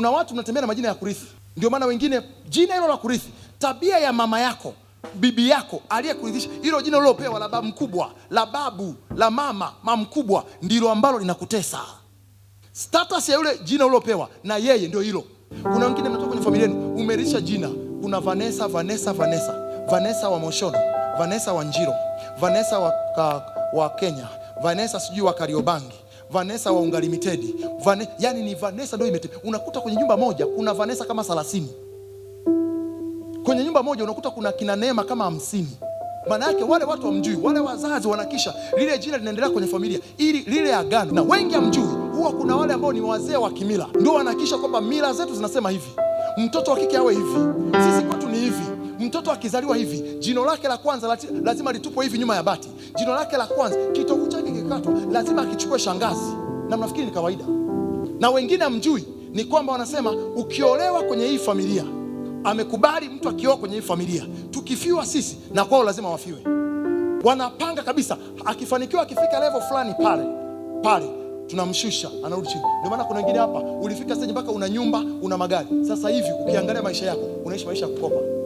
Kuna watu mnatembea na majina ya kurithi, ndio maana wengine jina hilo la kurithi, tabia ya mama yako, bibi yako aliyekurithisha hilo jina lilopewa la babu mkubwa, la babu, la mama, mama mkubwa, ndilo ambalo linakutesa. Status ya yule jina ulopewa na yeye ndio hilo. Kuna wengine mnatoka kwenye familia yenu, umerisha jina. Kuna Vanessa, Vanessa, Vanessa, Vanessa wa Moshono, Vanessa wa Njiro, Vanessa wa, ka, wa Kenya, Vanessa sijui wa Kariobangi Vanessa wa Unga Limited Vane, yani ni Vanessa ndio imete. Unakuta kwenye nyumba moja kuna Vanessa kama 30. Kwenye nyumba moja unakuta kuna kina Neema kama hamsini. Maana yake wale watu wamjui, wale wazazi wanakisha lile jina linaendelea kwenye familia ili lile agano, na wengi hamjui. Huwa kuna wale ambao ni wazee wa kimila ndio wanakisha kwamba mila zetu zinasema hivi, mtoto wa kike awe hivi, sisi kwetu ni hivi Mtoto akizaliwa hivi, jino lake la kwanza lazima litupwe hivi nyuma ya bati. Jino lake la kwanza, kitovu chake kikatwa, lazima akichukue shangazi, na mnafikiri ni kawaida. Na wengine hamjui ni kwamba wanasema ukiolewa kwenye hii familia, amekubali mtu akioa kwenye hii familia, tukifiwa sisi na kwao lazima wafiwe. Wanapanga kabisa, akifanikiwa akifika level fulani pale pale tunamshusha anarudi chini. Ndio maana kuna wengine hapa ulifika stage mpaka una nyumba una magari. Sasa hivi ukiangalia maisha yako unaishi maisha ya kukopa.